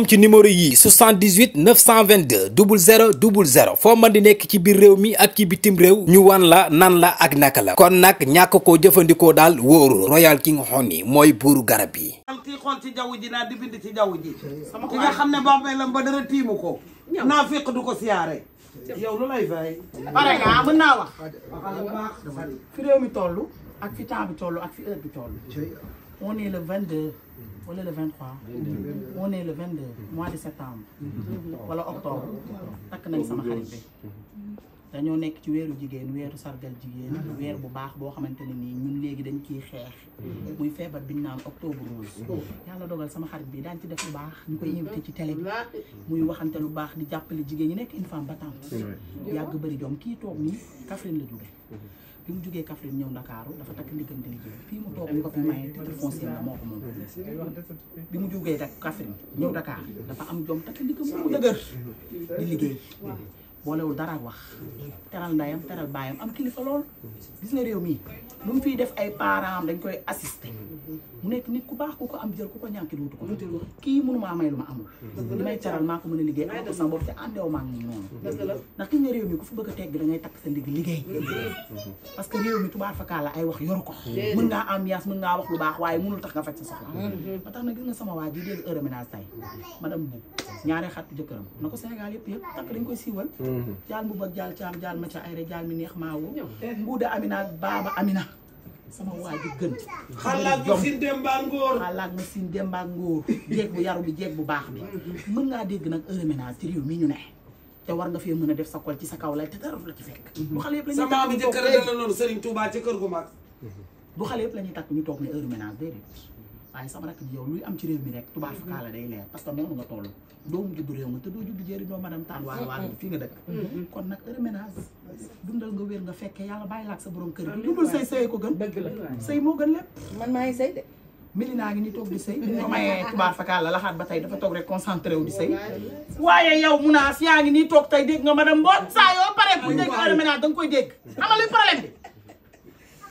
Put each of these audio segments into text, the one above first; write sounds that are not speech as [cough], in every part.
moom ci numéro yii 78 922 00 00 foo mën di nekk ci biir réew mi ak ci bitim réew ñu wan la nan la ak naka la kon nag ñàkk ko jëfandikoo daal wóoru royal king honey mooy buuru garab yi kii xool ci jaww ji naa di bind ci jaww ji ki nga xam ne bàmmeelam ba dara tiimu ko naa féq du ko siyaare yow lu lay fay pare nga mën naa wax fi réew mi toll ak on est le 23. on est le 22 mois de septembre. wala octobre takk nañ sama xarit bi. dañoo nekk ci weeru jigéen weeru sargal jigéen weer bu baax boo xamante ne nii ñun léegi dañ ciy xeex muy feebar bi ñu naan octobre rose yàlla dogal sama xarit bi daan ci def lu baax ñu koy invité ci télé muy waxante lu baax di jàppale jigéen ñi nekk une femme battante yàgg bëri doom kii toog nii Kaffrine la jóge bi mu jógee Kaffrine ñëw Ndakaaru dafa takk ndiggam di liggéey fii mu toog ñu ko fi maye titre foncier la moo ko moom bi mu jógee rek Kaffrine ñëw Dakar dafa am jom takk ndiggam mu dëgër di liggéey boolewul dara wax teral ndayam teral baayam am kilifa lool gis nga réew mii lu mu fiy def ay parents am dañ koy assister mu nekk nit ku baax ku ko am jël ku ko ñàkk duutu ko kii mënumaa may lu ma amul li may teral maa ko mën a liggéey am ko sama bopp te àndeew maa ngi ndax gis nga réew mi ku fi bëgg a tegg da ngay takk sa ndigg liggéey parce que réew mi tubaab fakaa la ay wax yoru ko mën ngaa ambiance mën ngaa wax lu baax waaye mënul tax nga faj sa soxla ba tax na gis nga sama waa ji dégg heure ménage tay madame bu ñaari xat jëkkëram na ko Sénégal yëpp yëpp takk dañ jaal bu bëgg jaal caam jaal ma ca ay rek jaal mi neex maa woo mbuuda amina baaba amina sama waa ji gën xalaat ma sin dembaak ngóor xalaat ma sin dembaak ngóor jeeg bu yaru bi jeeg bu baax bi mën ngaa dégg nag heure ménage ci réew mi ñu ne te war nga fee mën a def sa kol ci sa kaw lay te dara la ci fekk bu mhm. xale yëpp la ñuy takk ñu toog léegi Serigne Touba ci kër takk ñu toog ne heure waaye sama rakk ji yow luy am ci réew mi rek tubaab fakaa la day leer parce que noonu nga toll doomu juddu réew ma te doo juddu jëri doo madam taan waalo waalo mm-hmm. fii nga dëkk mm-hmm. kon nag heure dundal nga wér nga fekkee yàlla bàyyi laak sa borom kër dundal sëy sëy ko gën sëy moo gën lépp man maa sëy de Melina ngi ni toog di sëy ko mayee [laughs] tubaab fakaa la laxaat ba tey dafa toog rek concentré wu di sëy waaye yow munaas yaa ngi nii toog tey dég nga madam da koy dégg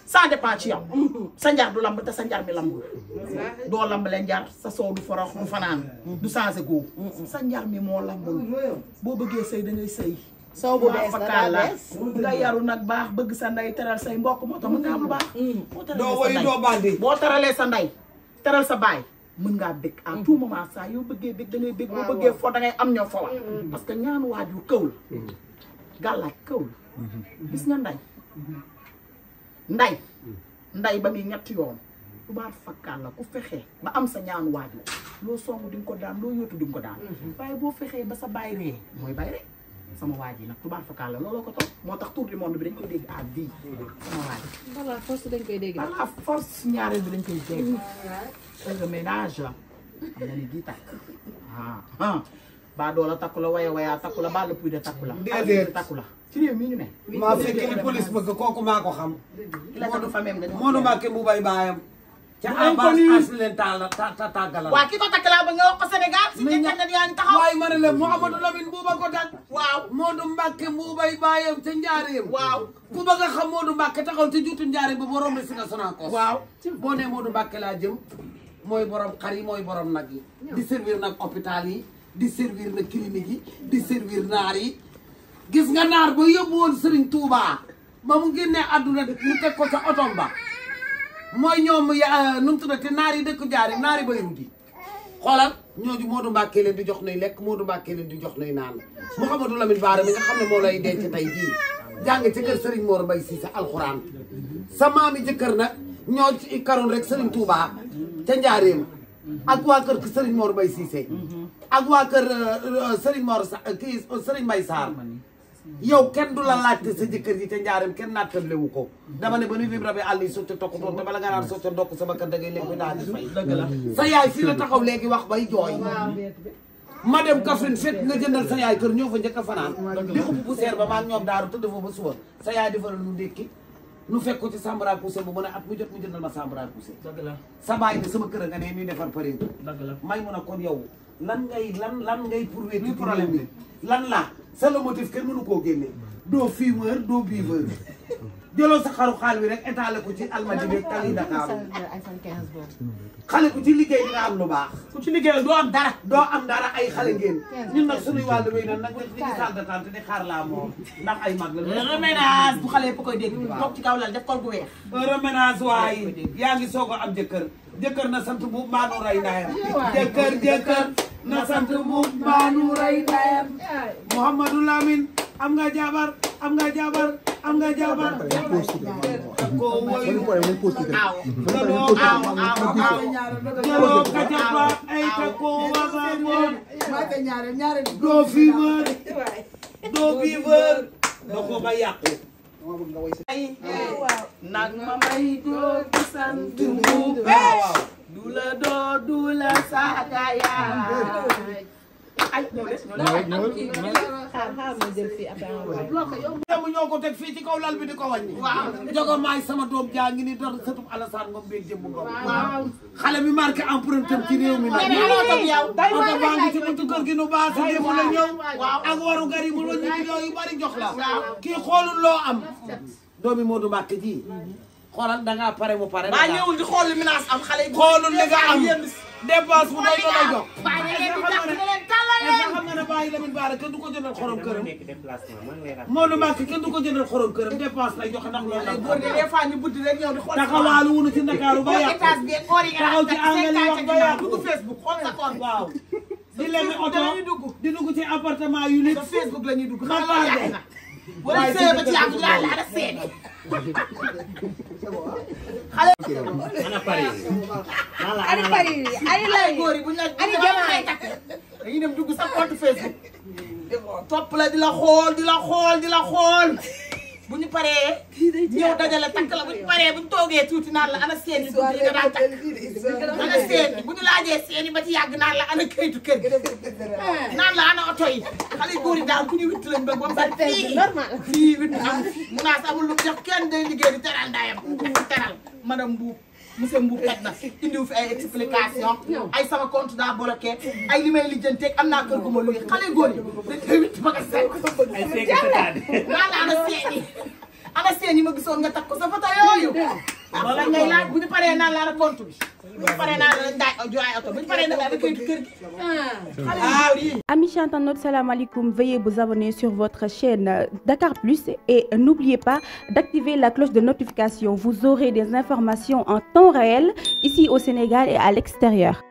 ça dépend ci mhm. sa njar du lamb te sa njar mi lamb. doo lamb leen njar sa soow du forox mu fanaan. Mhm. du changé góob. Mhm. sa njar mi moo la boo bëggee sëy da ngay sëy. soo bu bees la nga yaru baax bëgg sa nday teral say mbokk moo mën ngaa am lu teralee sa ndey teral sa baay. mën ngaa bëgg à tout moment saa yoo bëggee bëgg da ngay bëgg boo bëggee fo da am ñoo fo parce que ñaan waajur këw la. gàllaaj këw la. gis nga ndey. nday nday ba muy ñetti yoon tubaar fakkaan la ku fexee ba am sa ñaanu waajur loo song di ko daan loo yóotu di ko daan mhm. waaye boo fexee ba sa bàyyi ree mooy bàyyi rek sama waa ji nag tubaar looloo ko moo tax tour du monde bi dañ koy dégg à vie sama waa ji voilà force dañ bi dañ koy dégg mhm. heure ménage la xam nga ni gii tàkk ah ah baa takku la waya waya takku la baa lëppuy de takku la ci réew mi maa fekk li police bëgg kooku maa ko xam. la tatu famem dañoo Modou Mbacké bu bay baayam. ca Abbas as leen taal ta ta tàggalal. waaw ki ko laa ba nga wax ko si njëkk na yaa ngi taxaw ma ne la Mouhamadou Lamine Bouba ko takk. waaw Modou Mbacké bu bay baayam ca Njaareem. waaw ku bëgg a xam Modou Mbacké taxaw ci juutu Njaareem ba boo romb si national cos. waaw boo nee Modou Mbacké laa jëm mooy borom xar yi mooy borom nag yi. di servir nag hôpital yi di servir na clinique gis nga naar ba yóbbu woon Serigne Touba ba mu génnee àdduna ñu teg ko sa otom ba mooy ñoom ya euh, nu mu tuddati naar yi dëkk jaari naar yi ba yum di xoolal ñooñu Modou Mbacké leen di jox nuy lekk Modou Mbacké di jox nuy naan Mouhamadou Lamine Bara mi nga xam ne moo lay denc tey jii jàng sëriñ kër Serigne Mor Mbaye Cissé alxuraan sa maami jëkkër nag ñoo ci karoon rek Serigne Touba ca njaareem ak waa kër Serigne Mor Mbaye Cissé ak waa kër euh, euh, Serigne Mor kii sëriñ Mbaye Sarr yow kenn du la laajte sa jëkkër ji ca njaaram kenn nattable wu ko dama ne ba nu vibra bi àll yi socca tokk toon te bala nga naan socca ndokk sama kër da ngay léegi naa di ma dem a ba maa ñoom daaru tëdd fa ba suba sa yaay defaral nu ndékki nu fekk ko ci sambara poussé bu mu ne at mu jot mu jëndal ma sambara poussé la sa baay ne sama kër a nga ne ñuy defar pare dëgg la may mun a kon yow lan ngay lan lan ngay pourwee ci problème bi lan la sa lomotif kenn mënu koo génne doo fumeur doo buveur jëloo sa xaru xaal bi rek étalé ko ci almadi bi tali Dakar xale ku ci liggéey dina am lu baax ku ci liggéey doo am dara doo am dara ay xale ngeen ñun nag suñuy wàllu wéy nag nag ñi ngi sandatant di xaar laa moom ndax ay mag la euh, reménage bu xale yëpp koy dégg toog ci kaw lal def kol bu weex euh, reménage waay yaa ngi soog am jëkkër jëkkër na sant bu maanoo ray ndaayam jëkkër jëkkër na sant mbuub mbaa ñu rey ndeyam Mouhamadou Lamine am nga jabar am nga jabar am nga jabar ko ka jabar ay ka ko doo fumeur doo doo ko ba yàqu ay may doo sant mbuub doo du la saaga yaay. ay ñëw ñoo ko teg fii ci kaw lal bi di ko wàññi. waaw maay sama doom jaa ngi ni dara sëtum Alassane Ngom beeg jëmm Ngom. waaw xale bi marqué empreinte am ci réew mi nag. yow baa ngi ci buntu kër gi nu baax si démb la ñëw. ak waru gar yi mu la bari jox la. kii xoolul loo am. doomi Modou Mbacke ji. xoolal da ngaa pare mu pare. maa ñëwul di xool li menace am xale yi. xoolul li nga am dépense bu doy doy jox. waaw xam nga ne bàyyi Lamine Bara kenn du ko jëndal xorom këram. Modou Mbacké kenn du ko jëndal xorom këram dépense lay joxe ndax loolu la. góor gi des fois ñu buddi rek ñëw di xool. taxawaalu wuñu ci Ndakaaru ba yàqu. taxaw ci angal yi wax ba yàqu. dugg Facebook xool sa compte waaw. di lemmi oto di dugg ci appartement yu nit. Facebook la ñuy dugg. waaye xale. ana Paris. ana Paris ani lay ani jamaay dañuy dem dugg sa compte Facebook. topp la di la xool di la xool di la xool. bu ñu paree ñëw dajale takk la bu ñu paree bu toogee tuuti naan la ana seen yi guddi nga daan takk ana seen yi bu ñu laajee seen yi ba ci yàgg naan la ana këyitu kër gi [laughs] naan la ana oto yi xale góor na ma luy xale góor bëgg a seet. ay seegi gisoon nga takk ko sa photo yooyu. wala salaamaaleykum veuillez vous abonner sur votre chaîne euh, Dakar Plus et euh, n'oubliez pas d'activer la cloche de notification vous aurez des informations en temps réel ici au Sénégal et à l'extérieur.